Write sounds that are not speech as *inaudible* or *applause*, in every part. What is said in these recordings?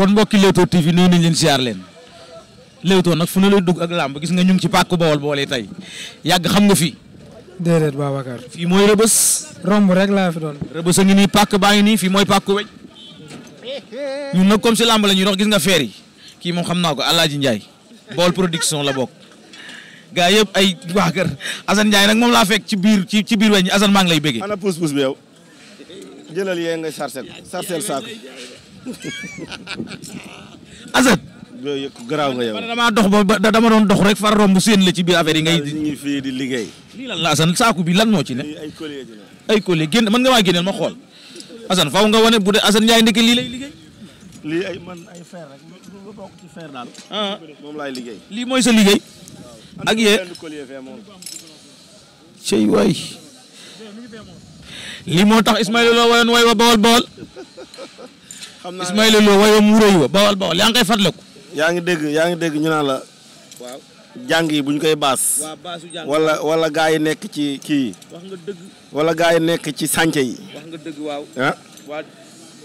kon mbokki Leewtoo TV nuyu nañ leen siyaar leen Leewtoo nag fu ne lay dugg ak làmb gis nga ñu ngi ci pàkk Bawol bool tey yàgg xam nga fi. déedéet Babacar. fii mooy rëbës. romb rek laa fi doon. rëbës a ngi nii pàkk baa nii fii mooy pàkk weñ ñun nag comme si làmb la dox gis nga feer yi kii moom xam naa ko Alaaji Njaay Bawol production la bokk gaa yëpp ay waa kër Assane nag moom laa fekk ci biir ci ci biir weñ ñi Assane maa ngi lay bëggee. ana pousse pousse bi jëlal yee nga sarcel sarcel saako. Assane. *laughs* loolu yëpp garaaw nga yow dox ba dama doon dox rek far romb seen la ci biir affaire yi nga ñu ngi fii di liggéey. lii lan la Assane saako bi lan moo ci ne. ay collier ay collier nga maa génneel ma xool. Assane faaw nga wane bu dee Assane Ndiaye ndeke lii lay liggéey. ay man ay fer ah. liggéey. lii mooy sa liggéey. ak yee cey waay lii moo tax Ismaïla loo way wa bawol bawol xam naa Ismaïla Lo wayam wuréy wa bawal bawal yaa ngi koy dégg yaa ngi dégg ñu naan la jàng yi bu ñu koy baas wala wala gaa yi nekk ci kii wax wala gaa yi nekk ci sànce yi wax nga dëgg waaw ah waa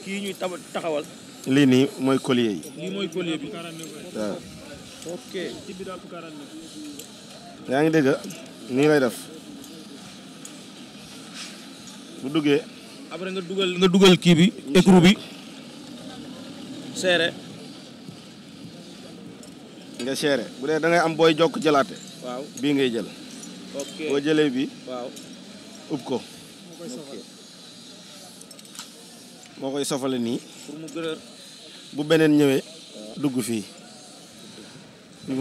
ñuy taxawal lii nii mooy collier yi ah. yaa ngi dégg nii lay def bu duggee après nga dugal kii bi écrou bi seere nga seere bu dee da ngay am booy jokk jëlaate waaw bii ngay jël ok boo jëlee bi waaw ko moo koy sofale nii pour mu bu beneen ñëwee dugg fii *laughs*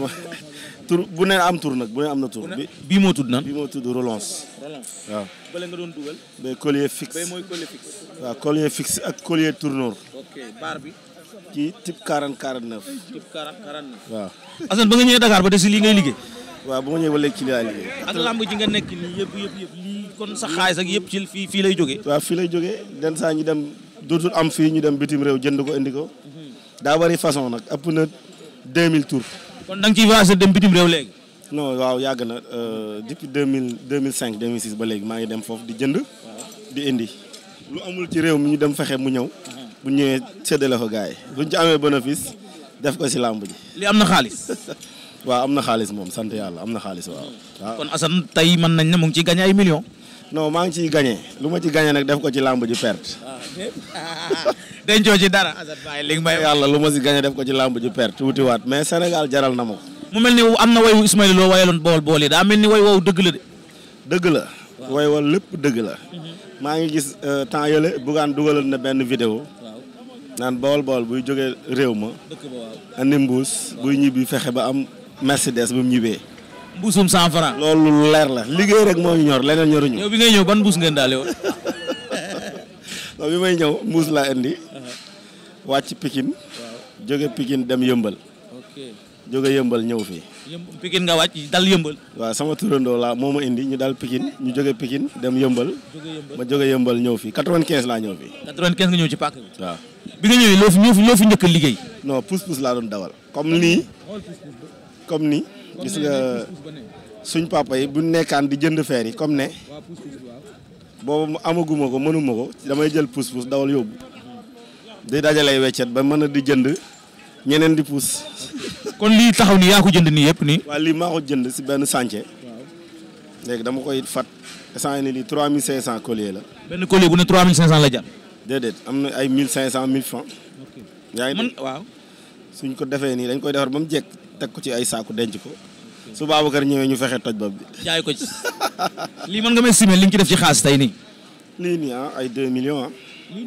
tur bu ne am tur nag bu ne am na tur bii moo tudd nan bii moo tudd relance waaw bële nga doon dugal bay collier fixe bay ak collier tourneur bi ci type 40 49. type 40 49. waaw. Assane ba nga ñëwee Dakar ba de si lii ngay liggéey. waa ba ma ñëwee ba léegi ci lii laa liggéey. ak lamb ji nga nekk nii yëpp yëpp lii kon sa xaalis ak yëpp ci fii fii lay jógee. waaw fii lay jógee den saa ñu dem dootul am fii ñu dem bitim réew jënd ko indi ko. Mhm. daa bari façon nag ëpp na mille tour kon da nga ciy voyagé dem bitim réew léegi. non waaw yàgg na euh, mille depuis 2000 2005 2006 ba léegi maa ngi dem foofu di jënd. di indi. amul ci réew mi ñu dem fexe mu ñëw. Mhm. bu ñëwee séddale ko gars yi buñ ci amee bénéfice def ko si làmb ji. *laughs* li am na xaalis. waaw am na xaalis moom sant yàlla am na xaalis waaw. waaw kon Assane tey man nañ ne mu ngi ciy gagné ay million no maa ngi ciy gañe lu ma ci gañe nag def ko ci làmb ji perte. Ah, *laughs* dencoo ci dara. li may yàlla lu ma si gagné def ko ci làmb ji perte wutiwaat mais Sénégal jaral na ma ko. mu mel ni am na wayu Ismaïla loo wayaloon bool bool yi daa mel ni way wow dëgg la de. dëgg la. way wow lépp dëgg la. Mhm. maa ngi gis euh, temps yële bugaan dugaloon na benn vidéo naan bool bool buy jógee réew ma. andi mbuus buy ñibbi fexe ba am Mercedes bu mu ñibbee. mbuusum 100 francs. loolu leer la liggéey rek moo ñor leneen ñoruñu. yow bi ngay ñëw ban mbuus ngeen daale woon. *laughs* bi may ñëw mbuus laa indi. Uh-huh. wàcc Pikine. jóge Pikine dem yëmbal. jóge yëmbal ñëw fii. Pikine nga wàcc dal yëmbal. waaw sama turandoo laa moo ma indi ñu dal Pikine ñu jóge Pikine dem yëmbal. ma jóge yëmbal ñëw fii 95 laa ñëw fii. 95 nga ñëw ci pàkk bi bi nga ñëwee loo fi ñoo fi njëkk liggéey. non pousse-pousse laa doon dawal. comme nii comme nii gis nga suñ papa yi bu nekkaan di jënd feer yi comme ne boobu amaguma ko mënuma ko damay jël pousse-pousse dawal yóbbu. dajalee dajalay weccet ba mën a di jënd ñeneen di pousse. kon lii taxaw ni yaa ko jënd nii yëpp nii. lii maa ko jënd si benn chantier. léegi dama koy fat. instant yii nii lii 3500 collier la. benn collier bu ne 3500 la jar. déedéet am na ay mille cinq cent mille francs yaa ngi waaw suñ ko defee nii dañ koy defar ba mu jekk teg ko ci ay saaku denc ko su Babacar ñëwee ñu fexe toj bopp bi. jaay ko ci lii mën nga may simel li ci def ci xaalis tey nii. lii nii ah ay deux millions ah. lii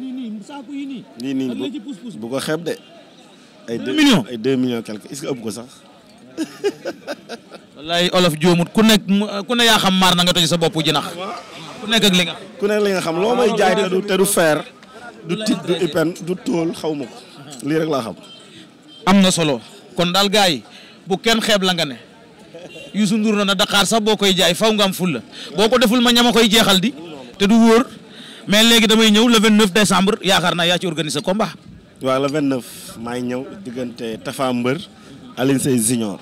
de. ay deux millions ay deux millions quelque est-ce que ëpp ko sax. wallaay olof joomut ku nekk ku ne yaa xam maar na nga toj sa bopp jinax nekk ak li nga. ku nekk li nga xam loo may jaay te du te du tig du xaw ma ko lii rek laa xam am na solo kon daal gars yi bu kenn xeeb la nga ne Youssou Ndour na na Dakar sax boo koy jaay faw nga am ful la boo ko deful ma ñama koy jeexal di te du wóor mais léegi damay ñëw le 29 décembre yaakaar naa yaa ci organiser combat waaw le 29 maay ñëw diggante Tafa Mbër Alioune Seye Junior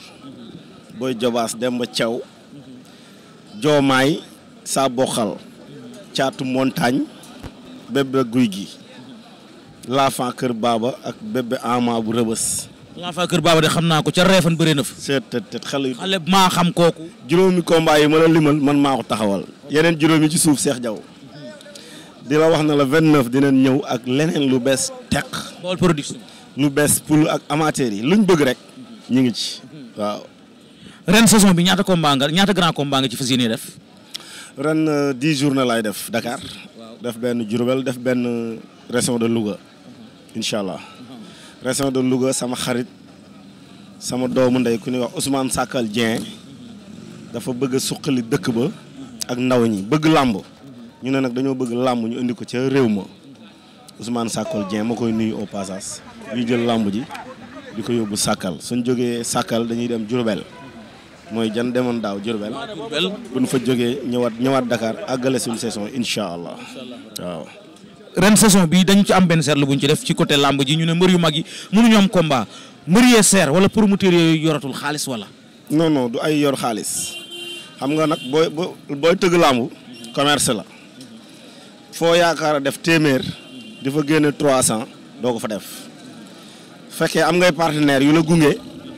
Boy Jobaas Demba Thiaw Joomaay saa boxal caatu montagne béb guy gi l'enfant Kër Baaba ak bébé Ama bu rëbës. l'enfant Kër Baaba de xam naa ko ca reefan bëree na fa. seet tet xale xale maa xam kooku. juróomi combat yi ma la limal man maa ko taxawal. yeneen juróomi ci suuf seex jaw di la wax na la vingt 29 dinañ ñëw ak leneen lu bees teq. bool production. lu bees pour ak amateurs yi luñ bëgg rek. ñu ngi ci waaw. ren saison bi ñaata combat nga ñaata grand combat nga ci fas yéene def. ren 10 euh, journée laay def Dakar. def benn Diourbel def benn euh, région de Louga. incha allah région de Louga sama xarit sama doomu ndey ku ñuy wax Ousmane Sakal Dieng dafa bëgg a dëkk ba ak ndaw ñi bëgg làmb ñu ne nag dañoo bëgg làmb ñu indi ko ca réew ma Ousmane Sakal Dieng ma koy nuyu au passage ñuy jël làmb ji di ko yóbbu Sakal suñ jógee Sakal dañuy dem Diourbel mooy jan demoon daaw Diourbel bu ñu fa jógee ñëwaat ñëwaat Dakar àggale suñu saison incha allah waaw. ren saison bi dañu ci am benn seetlu bu ñu ci def ci côté làmb ji ñu ne mbër yu mag yi mënuñu am combat mbër yee seer wala promoteur yooyu yoratul xaalis wala. non du ay yor xaalis xam nga nag booy booy tëgg làmb commerce la foo yaakaar a def téeméer di fa génne trois cent doo ko fa def fekkee am ngay partenaire yu la gunge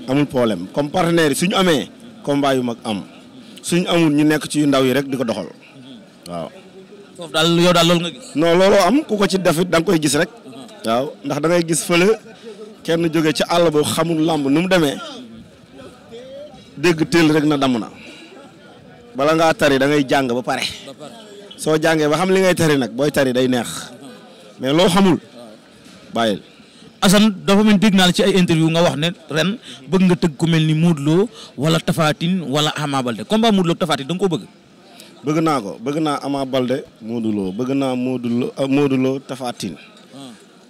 amul problème comme partenaire yi suñu amee combat yu mag am suñu amul ñu nekk ci yu ndaw yi rek di ko doxal waaw. foofu daal yow daal loolu nga gis. non looloo am ku ko ci def it da koy gis rek. waaw ndax dangay gis fële kenn jóge ci àll boobu xamul làmb nu mu demee dégg teel rek na damm na bala ngaa tari da ngay jàng ba pare. soo jàngee ba xam li ngay tari nag booy tari day neex mais loo xamul bàyyil. Assane dafa mel dégg naa la ci ay interview nga wax ne ren bëgg nga tëgg ku mel ni Modou Lo wala Tapha Tine wala Ama Baldé combat Modou Lo ak Tapha Tine da nga bëgg. bëgg naa ko bëgg naa Ama Balde Modou Lo bëgg naa Modou Lo euh, Modou Lo Tapha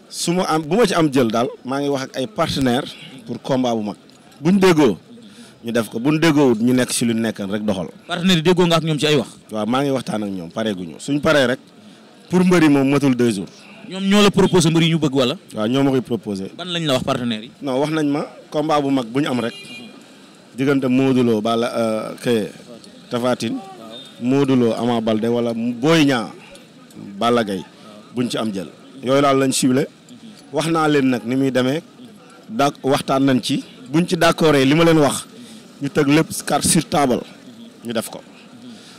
su ma am bu ma ci am jël daal maa ngi wax ay partenaires pour combat bu mag buñ déggoo ñu def ko buñ déggoowut ñu nekk si lu ñu nekkan rek doxal. partenaires yi déggoo nga ak ñoom ci ay wax. waa maa ngi waxtaan ak ñoom pare guñu suñ paree rek pour mbër yi moom matul deux jours. ñoom ñoo la proposé mbër ñu bëgg wala. waa ñoo ma koy proposé. ban lañ la wax partenaires yi. non wax nañ ma combat bu mag bu ñu am rek diggante Modou Lo Balla euh, Kaye Modou Lo Ama Baldé wala Boy Niang Balla Gaye buñ ci am jël yooyu daal lañ ciblé wax naa leen nag ni muy demee da waxtaan nañ ci buñ ci d'accord li ma leen wax ñu teg lépp carte sur taabal ñu def ko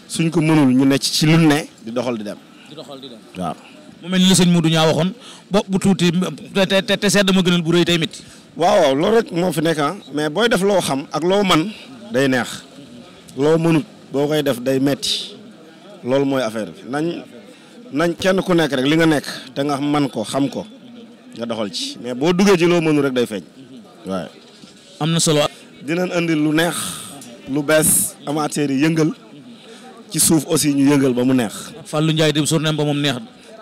suñ ko mënul ñu necc ci lu ne di doxal di dem. di doxal di dem waaw. mu mel ni li ñaa waxoon bopp bu tuuti te te te sedd ma gënal bu rëy tamit. waaw waaw rek moo fi nekk ah. mais booy def loo xam ak loo man day neex loo mënut. boo koy def day metti loolu mooy affaire bi nañ nañ kenn ku nekk rek li nga nekk te nga man ko xam ko nga doxal ci mais boo duggee ci loo mënu rek day feeñ waaye am na solo dinañ indi lu neex lu bees amateurs yi yëngal ci suuf aussi ñu yëngal ba mu neex Fallou Ndiaye di journée ba moom neex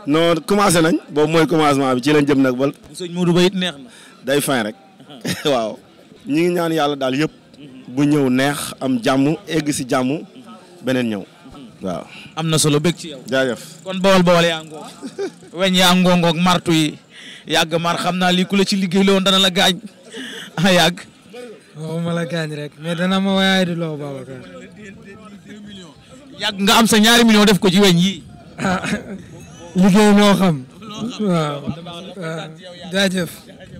non commencé nañ boobu mooy commencement bi ci lañ jëm nag ba sëñ Modou Ba it neex na day fin rek *laughs* waaw ñi ngi ñaan yàlla daal yëpp bu ñëw neex am jàmm egg si jàmm beneen ñëw hmm. waaw. am na solo bëgg ci yow. jaajëf kon bawal bawal yaa ngoog *laughs* weñ yaa ngoog martu yi yàgg mar xam naa lii la ci liggéey loon dana la gaañ a *laughs* ah, yàgg. waxuma la gaañ rek mais dana ma waaye di loo Babacar. yàgg nga am sa ñaari million def ko ci weñ yi. Ah, *laughs* liggéey moo xam. waaw waaw